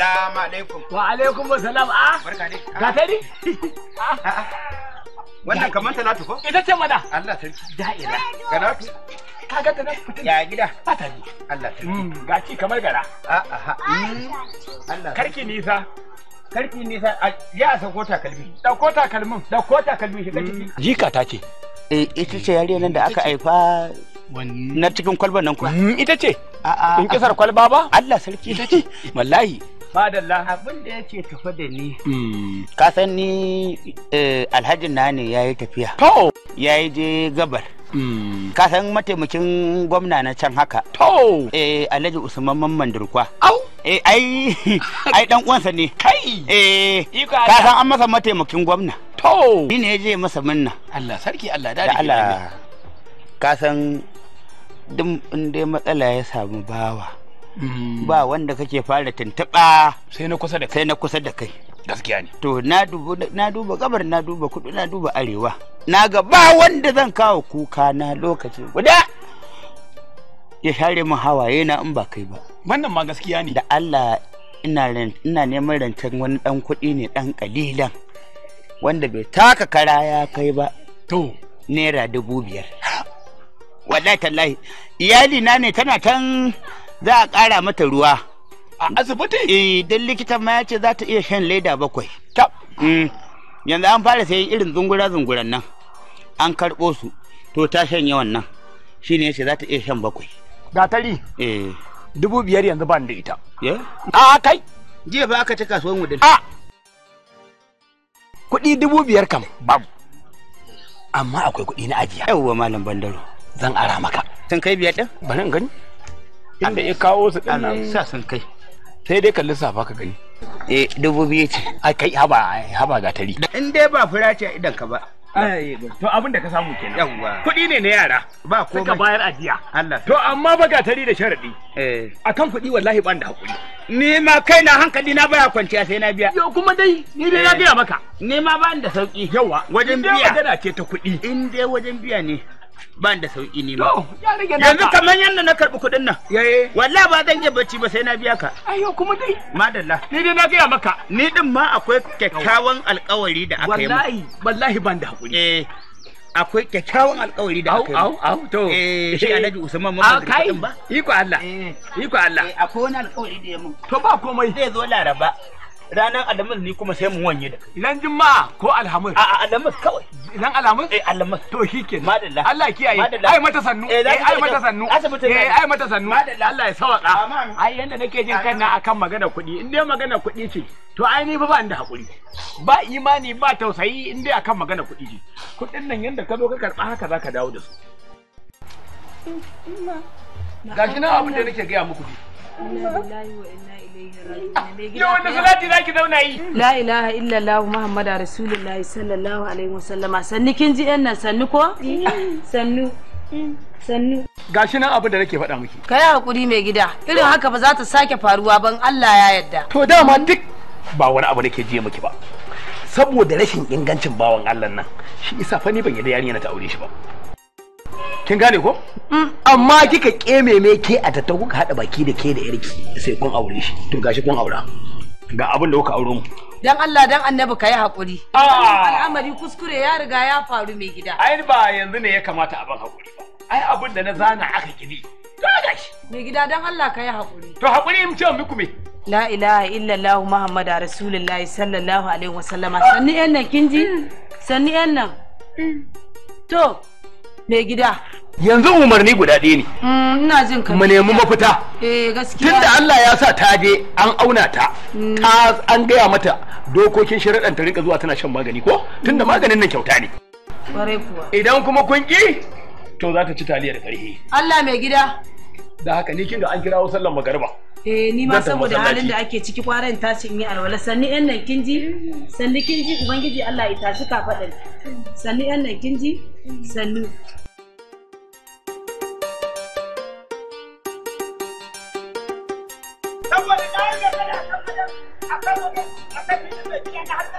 Assalamu alaikum. Wa alaikum assalam. Ah. Barka dai. Ga ta ni? Ah, ah, ah. Wannan kamar Talatu ko? Ita ce mana. Allah sarki. Da'ira. Talatu. Ka ga ta nan fitin. Ya gida. Fata ni. Allah sarki. Mm, ga ci kamar gara. A'a. Allah. Karki nisa. Karki nisa. Ya sako takalmi. Dauko takalmin. Dauko takalmin shiga ciki. Mm. Jika ta ce. Eh ita ce yariyar nan da aka haifa na cikin kwalban nan kuwa. Mm, ita ce. In kisar kwalba ba? Allah sarki ita ce. Wallahi. madalla abin da ce tafa da ni hmm. ka san ni eh, alhaji na ne ya yi tafiya ya yi je gabar hmm. ka san mataimakin gwamna na can haka to eh alhaji usman mamman durkwa au eh ai ai dan uwansa ne kai eh ka san an masa mataimakin gwamna to ni ne je masa minna Allah sarki Allah da Allah ka san duk inda matsala ya samu bawa Mm. ba wanda kake fara tuntuɓa sai na kusa da kai sai na kusa da kai gaskiya ne to na duba na duba gabar na duba kudu na duba arewa na ga ba wanda zan kawo kuka na lokaci guda ya share mu hawaye na in ba kai ba wannan ma gaskiya ne da Allah ina ina neman rancen wani dan kuɗi ne dan kalilan wanda bai taka kara ya kai ba to naira dubu biyar wallahi tallahi iyali na ne tana tan za a ƙara mata ruwa a asibiti eh don likitan ma ya ce za ta iya shan leda bakwai mm. yanzu an fara sayan irin zungura zunguran nan an karɓo su to ta shan nan, shi ne ya ce za ta iya shan bakwai gatari eh dubu biyar yanzu ban da ita a kai jiya ba aka ta kasuwar wudin a kuɗi dubu biyar kam babu amma akwai kuɗi na ajiya yawwa malam bandaro zan ara maka sun kai biyar ɗin bari in gani inda ya kawo su din nan sa sun kai sai dai kalli safa ka gani eh dubu biyu ce ai kai haba haba ga tari in dai ba fura ce a idan ka ba to abin da ka samu kenan yawwa kuɗi ne na yara ba komai suka bayar ajiya Allah to amma ba ga tari da sharadi eh akan kuɗi wallahi ban da hakuri ni ma kai na hankali na baya kwanciya sai na biya yo kuma dai ni dai na biya eh. maka ni ma ban da sauki yawa wajen biya wajen ce ta kuɗi in dai wajen biya ne ban da sauki ne ma oh, yanzu kamar yadda na karɓi kuɗin nan wallahi ba zan iya bacci ba sai na biya ka ayo kuma dai madalla ni dai na gaya maka ni din ma akwai kyakkyawan alkawari da aka yi wallahi wallahi ban da hakuri eh akwai kyakkyawan alkawari da aka yi au au to eh shi eh. Alhaji Usman mun ba kuɗin ba iko Allah eh. iko Allah eh, akwai wani alkawari da ya mun to ba komai zai zo Laraba ranar alhamis ni kuma sai mun wanye da kai nan juma'a ko alhamis a alhamis kawai nan alhamis eh alhamis to shikenan madalla Allah kiyaye ai mata sannu eh, eh ai mata sannu eh ai mata sannu Allah ya sawaka ai yanda nake jin kanna akan magana kuɗi in dai magana kuɗi ce to ai ni fa ba da hakuri ba imani ba tausayi in dai akan magana kuɗi ce kuɗin nan yanda ka zo ka karɓa haka zaka dawo da su ga shi nan abin da nake gaya muku dai Yau wanda salati za ki zauna yi. La ilaha illallah Muhammadu Rasulullahi sallallahu alaihi wasallama. Sannu kin ji yan nan sannu ko? Sannu. Sannu. Gashi nan abin da nake faɗa miki. Ka yi hakuri mai gida. Irin haka ba za ta sake faruwa ban Allah ya yarda. To dama duk ba wani abu nake jiya miki ba. Saboda rashin ingancin bawan Allah nan shi isa fa ni ban yarda yarinya ta aure shi ba. kin gane ko mm. amma kika me ke a tatta kuka hada baki da ke da yarki sai kun aure shi to gashi kun aura ga abin da kuka auro mu dan Allah dan annabi ka yi ah. al'amari kuskure ya riga ya faru mai gida ai ba yanzu ne ya kamata abin ban ba ai abin da na zana aka kidi to gashi mai gida dan Allah ka yi to hakuri mu ce muku me la ilaha illallah muhammadu rasulullahi sallallahu alaihi wasallama ah. sanni yan nan kin ji mm. sanni yan nan mm. to mai gida yanzu umarni guda ɗaya ne mm, ina jin ka mu nemi mafita eh, Gaskiya tunda Allah ya sa ta je an auna ta mm. ta an gaya mata dokokin shari'ar ta rika zuwa tana shan magani ko tunda mm. maganin nan kyauta ne Kware kuwa. idan kuma kun ki to za ta ci taliyar ƙarfi. Allah mai gida da haka ni kinga an kira wasu sallan magariba eh ni ma saboda halin da ake ciki kwaran tashi in yi alwala sanni yan nan kin ji sanni kin ji ubangiji Allah ya tashi ka faɗin sanni yan nan kin ji sannu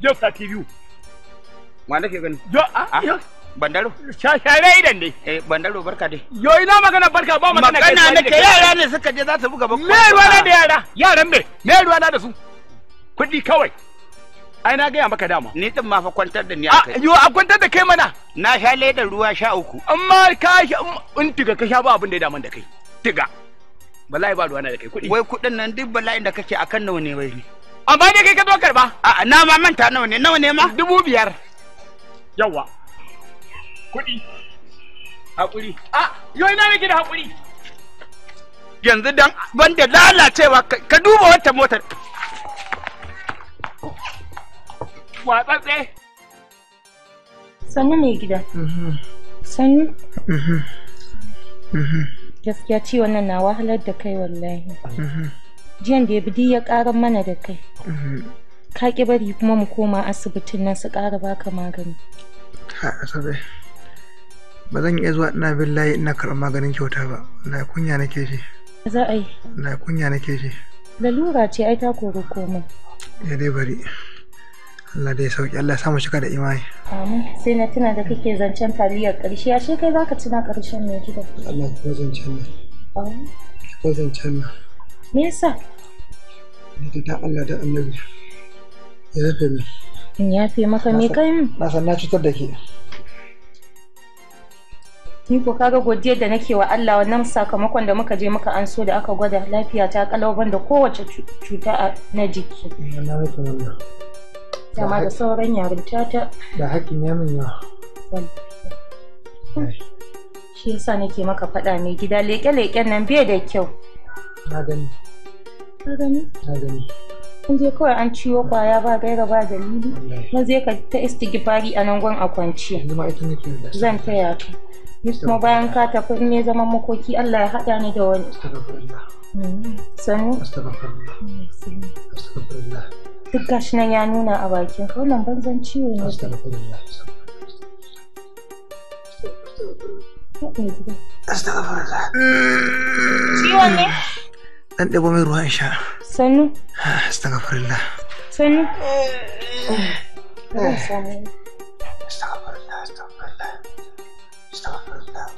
Jo ka TV. Wa nake gani? Yo a ah, ah, Bandaro. Shashare idan dai. Eh Bandaro barka dai. Yo ina magana barka ba magana kai. Magana nake yara ne suka je za su buga bakwa. Me ruwa da yara? Yaran me? Me ruwa da su? Kuɗi kawai. Ai na gaya maka dama. Ni din ma fa kwantar da ni a ah, kai. Yo a kwantar da kai mana. Na sha ledar ruwa sha uku. Amma ka um, in tiga ka sha ba abin da ya daman da kai. Tiga. Bala'i ba ruwa na da kai kuɗi. Wai kuɗin nan duk bala'in da kake akan nawa ne wai ne. amma dai kai ka zo karba a na ma manta nawa ne nawa ne ma dubu biyar yawa kuɗi haƙuri a ah, yau ina nake da haƙuri yanzu dan banda lalacewa ka duba wata motar watsatse sannu mai gida mhm. sannu mhm. Mhm. gaskiya ciwon nan na wahalar da kai wallahi jiyan da ya bi ya ƙaran mana da kai mm-hmm. ka ki bari kuma mu koma asibitin nan su ƙara baka magani ha asabe ba zan iya zuwa ina bin layi ina karɓar maganin kyauta ba na kunya nake ji za a yi na kunya nake Da lalura ce ai ta koro komai ya dai bari Allah dai sauki Allah ya samu shiga da imani amin sai na tuna da kake zancen taliyar ƙarshe ashe kai zaka tuna ƙarshen ne gida Allah ya zancen ne amin ya zancen nan me yasa ni da Allah da annabi ya yafe ni in yafe maka me kai na san na cutar da ke ni ko kaga godiyar da nake wa Allah wannan sakamakon da muka je muka an so da aka gwada lafiya ta kalau da kowace cuta na jiki na rike wannan dama da sauran yarinta ta da hakkin ya min shi yasa nake maka faɗa mai gida leƙe-leƙen nan bai da kyau na gani Ka gani? Ka gani. An je kawai an ciwo kwaya ba gaira ba dalili. Na je ka ta istighfari a nan gwan a kwanci. Zan taya ka. kuma bayan ka tafi in ne zaman makoki Allah ya haɗa ni da wani. Mm. Sani? Duk gashi nan ya nuna a bakin wannan banzan ciwo ne. Ciwon ne? dan ɗebo mai ruwa in sha sannu astagfirullah sannu eh. astagfirullah astagfirullah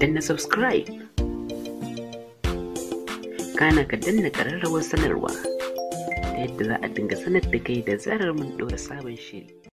danna subscribe kana ka danna ƙararrawar sanarwa ta yadda za a dinga sanar da kai da zarar mun ɗora sabon shiri